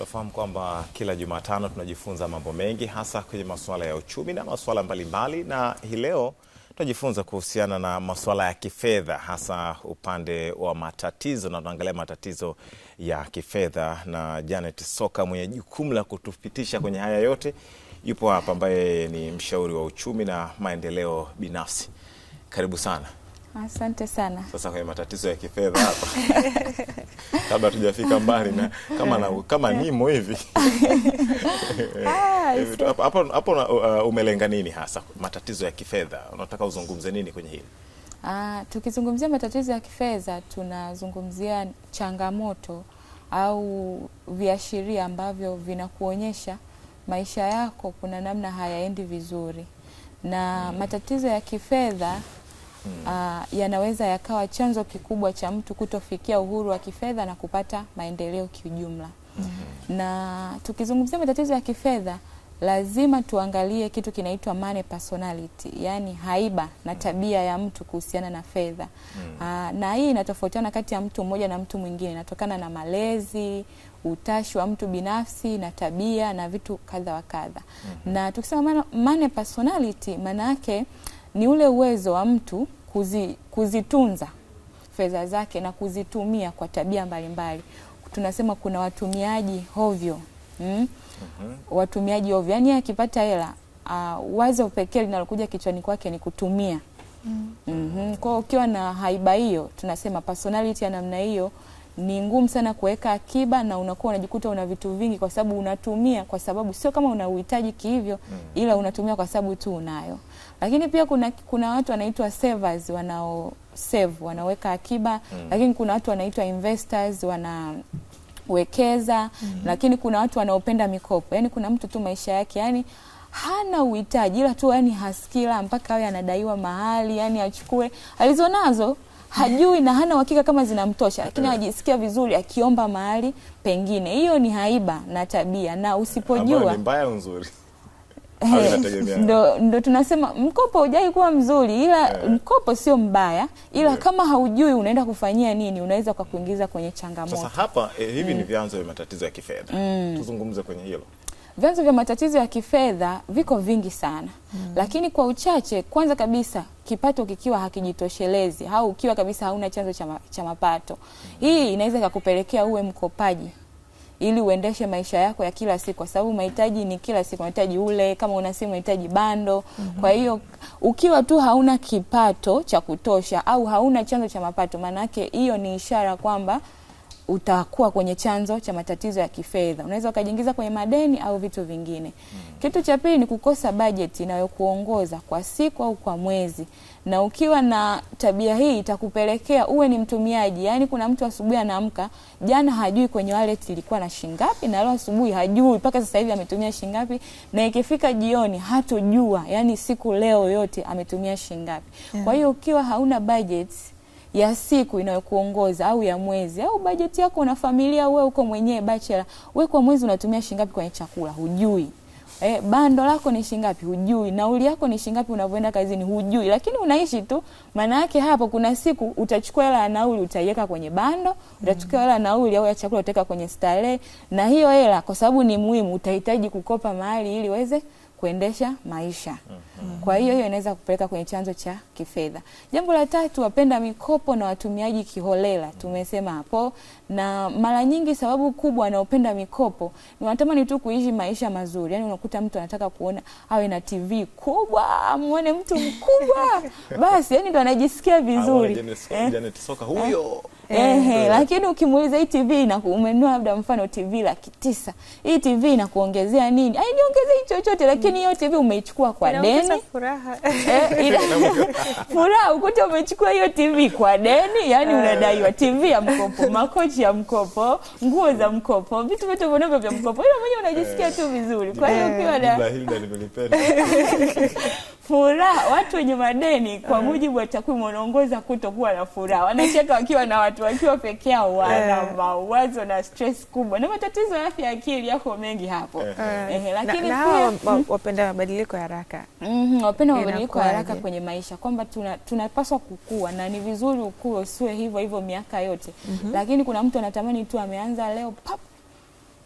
Tunafahamu kwamba kila Jumatano tunajifunza mambo mengi hasa kwenye masuala ya uchumi na masuala mbalimbali, na hii leo tunajifunza kuhusiana na masuala ya kifedha, hasa upande wa matatizo, na tunaangalia matatizo ya kifedha, na Janet Soka mwenye jukumu la kutupitisha kwenye haya yote yupo hapa, ambaye ni mshauri wa uchumi na maendeleo binafsi. Karibu sana. Asante sana. Sasa kwa matatizo ya kifedha hapa kabla tujafika mbali na kama na, kama nimo hivi ah, hapo hapo uh, umelenga nini hasa matatizo ya kifedha, unataka uzungumze nini kwenye hili? Ah, tukizungumzia matatizo ya kifedha tunazungumzia changamoto au viashiria ambavyo vinakuonyesha maisha yako kuna namna hayaendi vizuri na hmm. matatizo ya kifedha uh, yanaweza yakawa chanzo kikubwa cha mtu kutofikia uhuru wa kifedha na kupata maendeleo kiujumla. mm -hmm. Na tukizungumzia matatizo ya kifedha lazima tuangalie kitu kinaitwa money personality, yani haiba na mm. tabia ya mtu kuhusiana na fedha mm. Ah, na hii inatofautiana kati ya mtu mmoja na mtu mwingine, inatokana na malezi, utashi wa mtu binafsi na tabia na vitu kadha wa kadha mm -hmm. Na tukisema money personality maana yake ni ule uwezo wa mtu kuzi, kuzitunza fedha zake na kuzitumia kwa tabia mbalimbali. Tunasema kuna watumiaji hovyo mm? mm -hmm. Mhm. Watumiaji hovyo, yaani akipata hela uh, wazo pekee linalokuja kichwani kwake ni kutumia. mm -hmm. Kwa ukiwa na haiba hiyo, tunasema personality ya namna hiyo ni ngumu sana kuweka akiba na unakuwa unajikuta una vitu vingi, kwa sababu unatumia kwa sababu sio kama una uhitaji kihivyo, mm. ila unatumia kwa sababu tu unayo. Lakini pia kuna, kuna watu wanaitwa savers wanao save wanaweka akiba mm. Lakini kuna watu wanaitwa investors wanawekeza mm. Lakini kuna watu wanaopenda mikopo, yani kuna mtu tu maisha yake yani hana uhitaji ila tu yani haskila mpaka awe anadaiwa mahali yani achukue alizonazo hajui na hana uhakika kama zinamtosha, lakini eh. anajisikia vizuri akiomba mahali pengine. Hiyo ni haiba na tabia, na usipojua mbaya nzuri eh, ndo, ndo tunasema mkopo hujai kuwa mzuri, ila eh. mkopo sio mbaya, ila kama haujui unaenda kufanyia nini, unaweza ukakuingiza kwenye changamoto. Sasa hapa eh, hivi mm. ni vyanzo vya matatizo ya kifedha mm. Tuzungumze kwenye hilo. Vyanzo vya matatizo ya kifedha viko vingi sana mm. Lakini kwa uchache, kwanza kabisa kipato kikiwa hakijitoshelezi au ukiwa kabisa hauna chanzo cha, ma, cha mapato mm. Hii inaweza ikakupelekea uwe mkopaji ili uendeshe maisha yako ya kila siku, kwa sababu mahitaji ni kila siku, unahitaji ule, kama una simu unahitaji bando mm -hmm. Kwa hiyo ukiwa tu hauna kipato cha kutosha au hauna chanzo cha mapato, maanake hiyo ni ishara kwamba utakuwa kwenye chanzo cha matatizo ya kifedha. Unaweza ukajiingiza kwenye madeni au vitu vingine. Mm. Kitu cha pili ni kukosa bajeti inayokuongoza kwa siku au kwa mwezi, na ukiwa na tabia hii itakupelekea uwe ni mtumiaji. Yaani, kuna mtu asubuhi anaamka, jana hajui kwenye wallet ilikuwa na shingapi, na leo asubuhi hajui mpaka sasa hivi ametumia shingapi, na ikifika jioni hatojua, yaani siku leo yote ametumia shingapi. Yeah. Kwa hiyo ukiwa hauna bajeti ya siku inayokuongoza au ya mwezi au bajeti yako na familia wewe uko mwenyewe bachelor, wewe kwa mwezi unatumia shilingi ngapi kwenye chakula? Hujui. Eh, bando lako ni shingapi? Hujui. Nauli yako ni shingapi unavyoenda kazini? Hujui. Lakini unaishi tu. Maana yake hapo kuna siku utachukua hela ya nauli utaiweka kwenye bando, utachukua hela ya nauli au ya chakula utaweka kwenye starehe, na hiyo hela kwa sababu ni muhimu utahitaji kukopa mahali ili uweze kuendesha maisha. Mm-hmm. Kwa hiyo hiyo inaweza kupeleka kwenye chanzo cha kifedha. Jambo la tatu, wapenda mikopo na watumiaji kiholela, mm-hmm. tumesema hapo, na mara nyingi sababu kubwa wanaopenda mikopo ni wanatamani tu kuishi maisha mazuri. Yani unakuta mtu anataka kuona awe na TV kubwa, amuone mtu mkubwa basi, yani ndo anajisikia vizuri. Janet eh? Soka huyo eh? ehe, lakini ukimuuliza hii TV na umenunua labda mfano TV laki tisa, hii TV inakuongezea nini? Ai, chochote, lakini hiyo TV umeichukua kwa deni furaha. Eh, furaha ukuta umechukua hiyo TV kwa deni, yani eh. unadaiwa TV ya mkopo, makochi ya mkopo, nguo za mkopo, vitu vyote vinavyo vya mkopo, ila mwenyewe unajisikia tu vizuri. Kwa hiyo eh. ukiwa na furaha watu wenye madeni kwa eh. mujibu wa takwimu wanaongoza kutokuwa na furaha, wanacheka wakiwa na watu wakiwa peke yao, wana eh. mawazo na stress kubwa na matatizo ya afya ya akili yako mengi hapo. Ehe, eh. lakini na, na pia hmm. wapenda mabadiliko ya haraka mm, wapenda mabadiliko ya haraka kwenye maisha kwamba tuna, tunapaswa kukua na ni vizuri ukue usiwe hivyo hivyo miaka yote mm -hmm. Lakini kuna mtu anatamani tu ameanza leo pap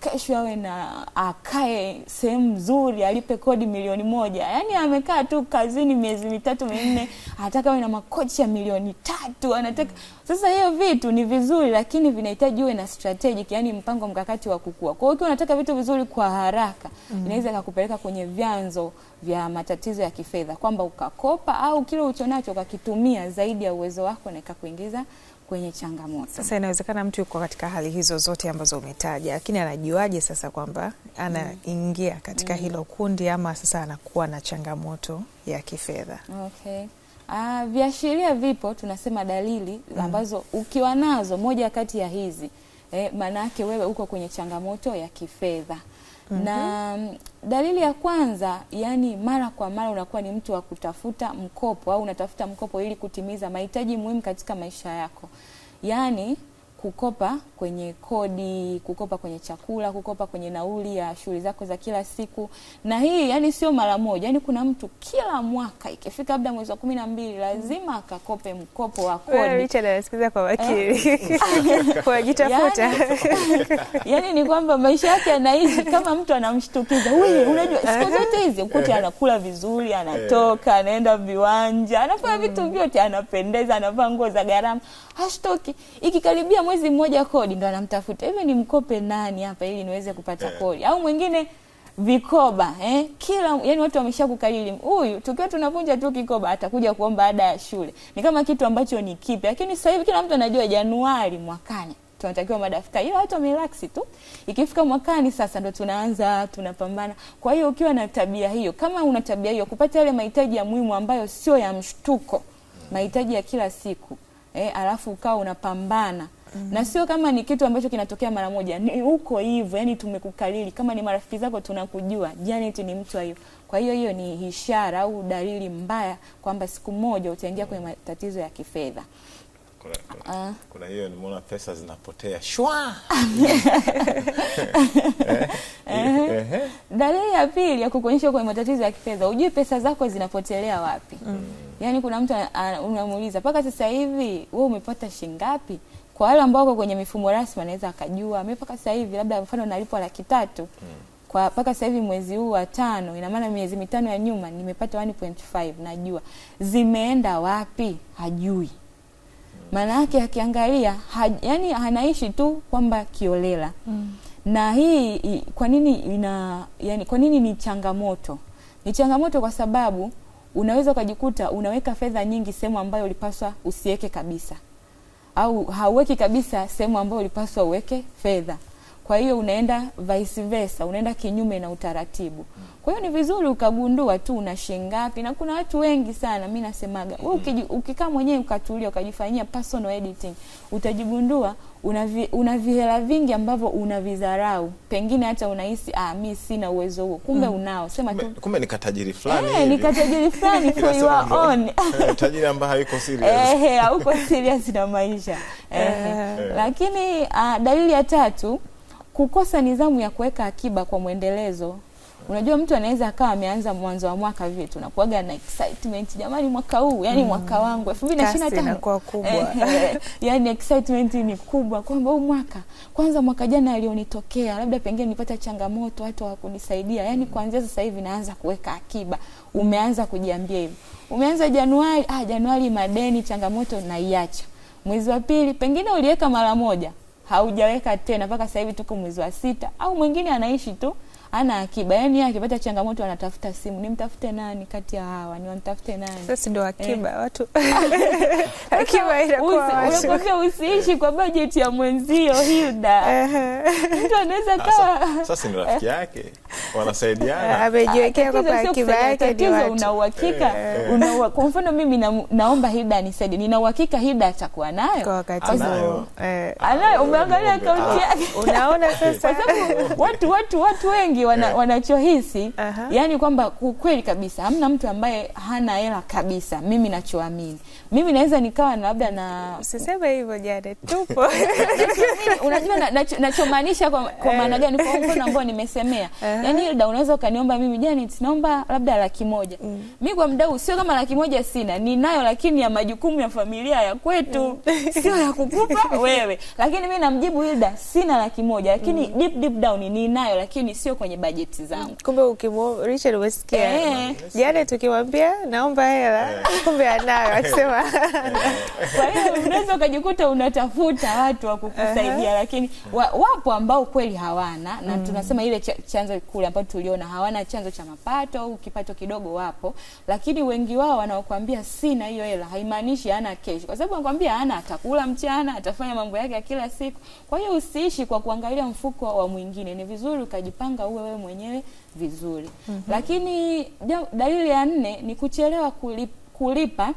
kesho awe na akae sehemu nzuri, alipe kodi milioni moja. Yaani amekaa tu kazini miezi mitatu minne, anataka awe na makochi ya milioni tatu, anataka sasa. Hiyo vitu ni vizuri, lakini vinahitaji uwe na strategic, yani mpango mkakati wa kukua. Kwa hiyo ukiwa unataka vitu vizuri kwa haraka mm inaweza kakupeleka kwenye vyanzo vya matatizo ya kifedha, kwamba ukakopa au kile ulichonacho ukakitumia zaidi ya uwezo wako na ikakuingiza kwenye changamoto. Sasa inawezekana mtu yuko katika hali hizo zote ambazo umetaja, lakini anajuaje sasa kwamba anaingia mm. katika mm. hilo kundi ama sasa anakuwa na changamoto ya kifedha? Okay. Uh, viashiria vipo, tunasema dalili mm. ambazo ukiwa nazo moja kati ya hizi eh, maana yake wewe uko kwenye changamoto ya kifedha na mhm. dalili ya kwanza, yani mara kwa mara unakuwa ni mtu wa kutafuta mkopo au unatafuta mkopo ili kutimiza mahitaji muhimu katika maisha yako, yani kukopa kwenye kodi, kukopa kwenye chakula, kukopa kwenye nauli ya shughuli zako za kila siku. Na hii yani sio mara moja, yani kuna mtu kila mwaka ikifika labda mwezi wa kumi na mbili lazima akakope mkopo wa kodi. Eh, anasikiza kwa wakili eh? kwa yani, Yani ni kwamba maisha yake anaishi kama mtu anamshtukiza, wewe eh. unajua siku zote hizi ukute anakula vizuri, anatoka, anaenda viwanja, anafanya vitu mm. vyote, anapendeza, anavaa nguo za gharama, hashtoki ikikaribia mwezi mmoja kodi ndo anamtafuta hivi, ni mkope nani hapa ili niweze kupata eh. kodi, au mwingine vikoba eh? Kila yani watu wameshakukalili huyu, tukiwa tunavunja tu kikoba atakuja kuomba ada ya shule. Ni kama kitu ambacho ni kipi, lakini sasa hivi kila mtu anajua Januari mwakani tunatakiwa madaftari, hiyo watu wamerelax tu. Ikifika mwakani sasa ndo tunaanza tunapambana. Kwa hiyo ukiwa na tabia hiyo, kama una tabia hiyo, kupata yale mahitaji ya muhimu ambayo sio ya mshtuko, mahitaji ya kila siku eh, alafu ukawa unapambana mm na sio kama ni kitu ambacho kinatokea mara moja, ni uko hivyo, yani tumekukalili. Kama ni marafiki zako, tunakujua Janet ni mtu hiyo. Kwa hiyo hiyo ni ishara au dalili mbaya kwamba siku moja utaingia kwenye matatizo ya kifedha. Kuna, ah. kuna hiyo nimeona pesa zinapotea shwa. Eh, eh, eh. Dalili ya pili ya kukuonyesha kwenye matatizo ya kifedha, hujui pesa zako zinapotelea wapi. Mm. Yaani kuna mtu unamuuliza mpaka sasa hivi wewe umepata shilingi ngapi? Kwa wale ambao wako kwenye mifumo rasmi anaweza akajua mimi mpaka sasa hivi labda mfano nalipwa laki tatu mm. kwa mpaka sasa hivi mwezi huu wa tano, ina maana miezi mitano ya nyuma nimepata 1.5, najua zimeenda wapi, hajui mm. maana yake akiangalia ha, yani anaishi tu kwamba kiolela mm. na hii kwa nini ina yani, kwa nini ni changamoto? Ni changamoto kwa sababu unaweza ukajikuta unaweka fedha nyingi sehemu ambayo ulipaswa usiweke kabisa au hauweki kabisa sehemu ambayo ulipaswa uweke fedha. Kwa hiyo unaenda vice versa, unaenda kinyume na utaratibu. Kwa hiyo ni vizuri ukagundua tu una shilingi ngapi, na kuna watu wengi sana, mi nasemaga ukikaa mwenyewe ukatulia ukajifanyia personal editing, utajigundua una, una vihela vingi ambavyo unavidharau, pengine hata unahisi ah, mi sina uwezo huo, kumbe mm. unao. Sema tu kumbe nikatajiri fulani eh, katajiri fulani for your own eh, tajiri ambaye hayuko serious eh, hauko serious na maisha eh, eh, Lakini ah, dalili ya tatu kukosa nidhamu ya kuweka akiba kwa mwendelezo. Unajua, mtu anaweza akawa ameanza mwanzo wa mwaka vile tunakuaga na excitement, jamani, mwaka huu yani mm. mwaka wangu 2025 yani excitement ni kubwa kwamba huu mwaka kwanza, mwaka jana alionitokea, labda pengine nipata changamoto, watu hawakunisaidia, yani mm. kuanzia sasa hivi naanza kuweka akiba. Umeanza kujiambia hivyo, umeanza Januari, ah, Januari madeni, changamoto naiacha. Mwezi wa pili pengine uliweka mara moja haujaweka tena mpaka sasa hivi tuko mwezi wa sita, au mwingine anaishi tu ana akiba, yani akipata changamoto anatafuta simu, nimtafute nani kati ya hawa, ni wamtafute nani? Sasa ndio akiba eh. Watu akiba inakuwa unakuwa usiishi kwa bajeti ya mwenzio Hilda. Mtu anaweza ah, kawa sasa ni rafiki yake, wanasaidiana, eh, amejiwekea ah, kwa akiba yake. Ndio una uhakika eh, eh. una kwa mfano mimi na, naomba Hilda anisaidie, nina uhakika Hilda atakuwa nayo kwa wakati anayo, eh, anayo. Umeangalia akaunti ah. yake, unaona sasa, watu watu watu wengi wana, yeah. wanachohisi uh -huh. yani kwamba kweli kabisa hamna mtu ambaye hana hela kabisa. Mimi nachoamini mimi naweza nikawa na labda na usiseme hivyo jana tupo unajua nachomaanisha kwa, kwa eh. maana gani kwa mfano ambao nimesemea uh -huh. yani Hilda unaweza ukaniomba mimi jana naomba labda laki moja mm. mi kwa mdau sio kama laki moja sina ninayo lakini ya majukumu ya familia ya kwetu mm. sio ya kukupa wewe lakini mi namjibu Hilda sina laki moja lakini mm. deep, deep down ninayo lakini sio kwa kwenye bajeti zangu. Kumbe ukimwomba Richard, umesikia jana eh. tukimwambia naomba hela, eh. kumbe anayo akisema. Kwa hiyo unaweza ukajikuta unatafuta watu wa kukusaidia, lakini wa, wapo ambao kweli hawana na mm. tunasema ile chanzo kule ambao tuliona hawana chanzo cha mapato au kipato kidogo, wapo lakini wengi wao wanaokuambia sina hiyo hela haimaanishi hana kesho, kwa sababu anakuambia hana, atakula mchana, atafanya mambo yake ya kila siku. Kwa hiyo usiishi kwa kuangalia mfuko wa mwingine, ni vizuri ukajipanga ujipange wewe mwenyewe vizuri. mm -hmm. Lakini dalili ya nne ni kuchelewa kulip, kulipa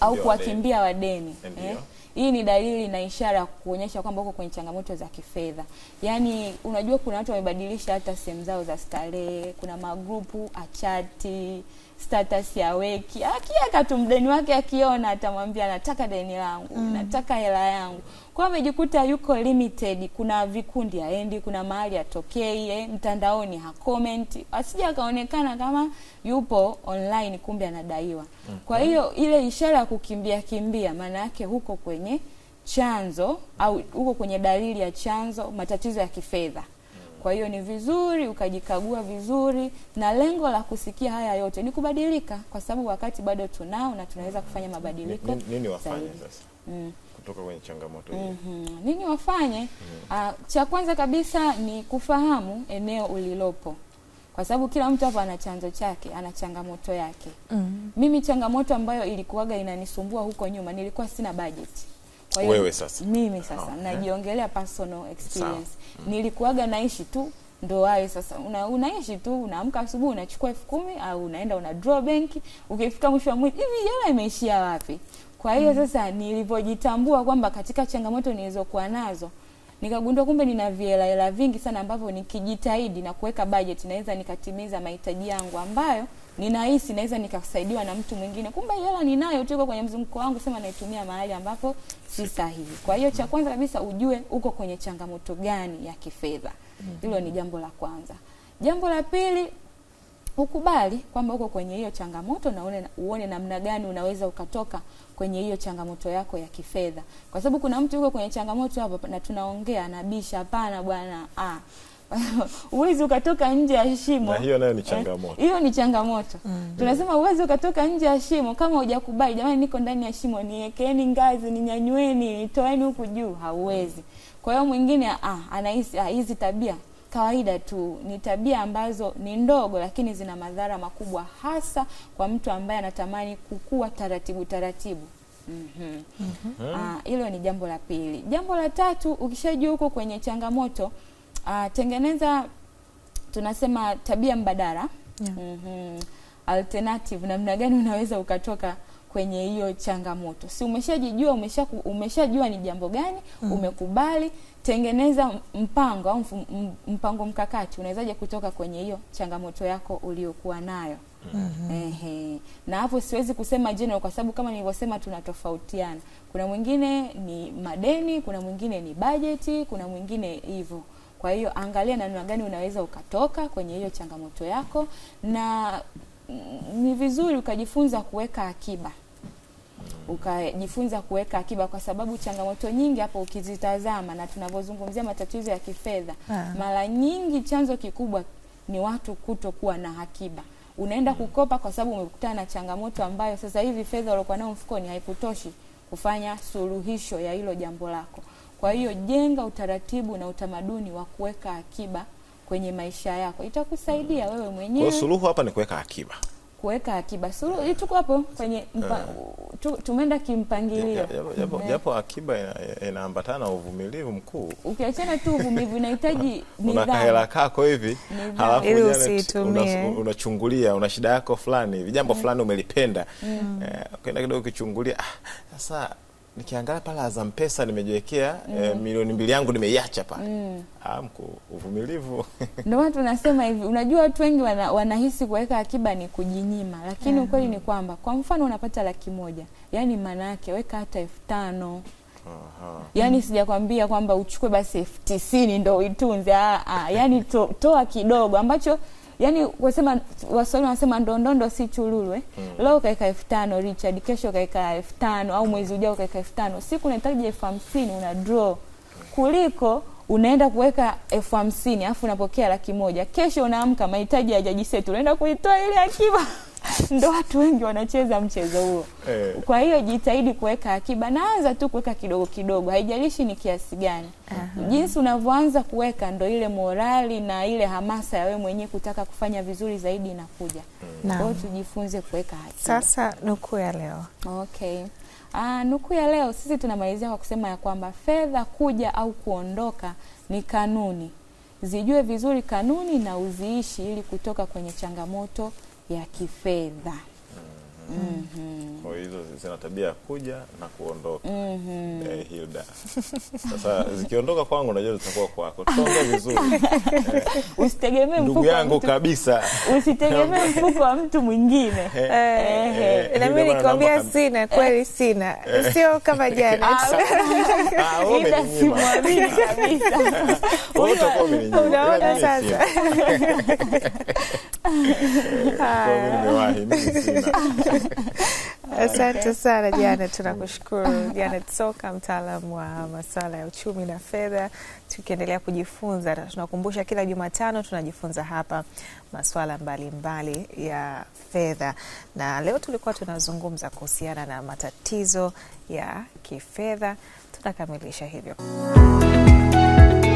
au kuwakimbia wadeni, eh? Hii ni dalili na ishara ya kuonyesha kwamba uko kwenye changamoto za kifedha. Yaani, unajua kuna watu wamebadilisha hata sehemu zao za starehe, kuna magrupu achati status ya weki akiweka tu, mdeni wake akiona atamwambia nataka deni langu mm. nataka hela yangu. Kwa amejikuta yuko limited, kuna vikundi aendi kuna mahali atokei eh, mtandaoni hakomenti, asije akaonekana kama yupo online, kumbe anadaiwa. Mm. Kwa hiyo ile ishara ya kukimbia kimbia, maana yake huko kwenye chanzo au huko kwenye dalili ya chanzo matatizo ya kifedha. Kwa hiyo ni vizuri ukajikagua vizuri, na lengo la kusikia haya yote ni kubadilika, kwa sababu wakati bado tunao na tunaweza kufanya mabadiliko. Nini, nini wafanye sasa mm. kutoka kwenye changamoto mm -hmm. nini wafanye mm. Uh, cha kwanza kabisa ni kufahamu eneo ulilopo kwa sababu kila mtu hapa ana chanzo chake, ana changamoto yake mm. Mimi changamoto ambayo ilikuwaga inanisumbua huko nyuma, nilikuwa sina bajeti kwa hiyo wewe sasa, mimi sasa okay, ah, najiongelea eh. personal experience mm. Nilikuwaga naishi tu ndo hayo sasa, una, unaishi tu, unaamka asubuhi unachukua elfu kumi au unaenda una draw bank, ukifika mwisho wa mwezi hivi hela imeishia wapi? Kwa hiyo mm. Sasa nilivyojitambua kwamba katika changamoto nilizokuwa nazo nikagundua kumbe nina vihela hela vingi sana ambavyo nikijitahidi na kuweka budget naweza nikatimiza mahitaji yangu ambayo ninahisi naweza nikasaidiwa na mtu mwingine, kumbe hela ninayo tu, iko kwenye mzunguko wangu, sema naitumia mahali ambapo si sahihi. Kwa hiyo cha kwanza kabisa ujue uko kwenye changamoto gani ya kifedha. Mm-hmm. Hilo ni jambo la kwanza. Jambo la pili, ukubali kwamba uko kwenye hiyo changamoto na uone, uone namna gani unaweza ukatoka kwenye hiyo changamoto yako ya kifedha, kwa sababu kuna mtu yuko kwenye changamoto hapo na tunaongea nabisha, hapana bwana ah huwezi ukatoka nje ya shimo. Na hiyo nayo ni eh, changamoto. Hiyo ni changamoto. Mm. Tunasema huwezi ukatoka nje ya shimo kama hujakubali, jamani, niko ndani ya shimo, niekeni ngazi, ninyanyweni, toeni huku juu, hauwezi. Kwa hiyo mwingine ah, anahisi ah, hizi tabia kawaida tu, ni tabia ambazo ni ndogo, lakini zina madhara makubwa, hasa kwa mtu ambaye anatamani kukua taratibu taratibu. Mm -hmm. Mm -hmm. Ah, hilo ni jambo la pili. Jambo la tatu, ukishajua huko kwenye changamoto uh, tengeneza tunasema tabia mbadala yeah. mm -hmm. alternative, namna gani unaweza ukatoka kwenye hiyo changamoto. Si umeshajijua umesha, umeshajua ni jambo gani mm. umekubali, tengeneza mpango au mpango mkakati, unawezaje kutoka kwenye hiyo changamoto yako uliokuwa nayo. Mm -hmm. Ehe. Na hapo siwezi kusema general kwa sababu kama nilivyosema tunatofautiana. Kuna mwingine ni madeni, kuna mwingine ni bajeti, kuna mwingine hivyo. Kwa hiyo angalia namna gani unaweza ukatoka kwenye hiyo changamoto yako, na mm, ni vizuri ukajifunza kuweka akiba ukajifunza kuweka akiba kwa sababu changamoto nyingi hapo ukizitazama, na tunavyozungumzia matatizo ya kifedha, ah. mara nyingi chanzo kikubwa ni watu kutokuwa na akiba. Unaenda kukopa kwa sababu umekutana na changamoto ambayo sasa hivi fedha uliokuwa nayo mfukoni haikutoshi kufanya suluhisho ya hilo jambo lako. Kwa hiyo jenga utaratibu na utamaduni wa kuweka akiba kwenye maisha yako, itakusaidia wewe mwenyewe. Kwa suluhu hapa ni kuweka akiba, kuweka akiba. Suluhu tuko hapo kwenye mpa, eh. tu, tumeenda kimpangilio, japo eh. akiba inaambatana na uvumilivu mkuu. Ukiachana tu uvumilivu, inahitaji nidhamu. kako hivi, halafu unachungulia, una shida yako fulani hivi, jambo mm. fulani umelipenda, mm. eh, ukienda kidogo ukichungulia, ah, sasa nikiangalia pale Azam Pesa nimejiwekea eh, mm. e, milioni mbili yangu nimeiacha pale mm. ah, mko uvumilivu ndio watu tunasema hivi, unajua watu wengi wana, wanahisi kuweka akiba ni kujinyima, lakini mm ukweli ni kwamba kwa mfano unapata laki moja yani maana yake weka hata elfu tano Aha. Yani sijakwambia kwamba uchukue basi elfu tisini ndo ah, ah yani to, toa kidogo ambacho yani wasema waswali wanasema ndondondo si chululwe. Mm. Leo kaeka elfu tano Richard, kesho kaeka elfu tano au mwezi ujao kaeka elfu tano siku unahitaji elfu hamsini una draw kuliko unaenda kuweka elfu hamsini alafu unapokea laki moja kesho unaamka mahitaji ya jaji setu unaenda kuitoa ile akiba ndo watu wengi wanacheza mchezo huo eh. Kwa hiyo jitahidi kuweka akiba, naanza tu kuweka kidogo kidogo, haijalishi ni kiasi gani. uh-huh. Jinsi unavyoanza kuweka ndo ile morali na ile hamasa ya wewe mwenyewe kutaka kufanya vizuri zaidi inakuja. Mm. Kwa tujifunze kuweka akiba. Sasa nukuu ya leo, okay. Aa, ah, nuku ya leo sisi tunamalizia kwa kusema ya kwamba fedha kuja au kuondoka ni kanuni, zijue vizuri kanuni na uziishi ili kutoka kwenye changamoto ya kifedha. Mm -hmm. Kwa hizo zina tabia ya kuja na kuondoka. mm -hmm. Eh, Hilda, sasa zikiondoka kwangu najua zitakuwa kwako. Tuonge vizuri eh. Usitegemee ndugu yangu kabisa, usitegemee mfuko wa mtu mwingine. Na mimi nikwambia sina kweli, eh. sina eh. sio kama jana, ah, ila simwamini kabisa. Unaona sasa Asante sana Janet, tunakushukuru Janet Soka, mtaalam wa masuala ya uchumi na fedha, tukiendelea kujifunza. Tunakumbusha kila Jumatano tunajifunza hapa masuala mbalimbali ya fedha, na leo tulikuwa tunazungumza kuhusiana na matatizo ya kifedha. Tunakamilisha hivyo.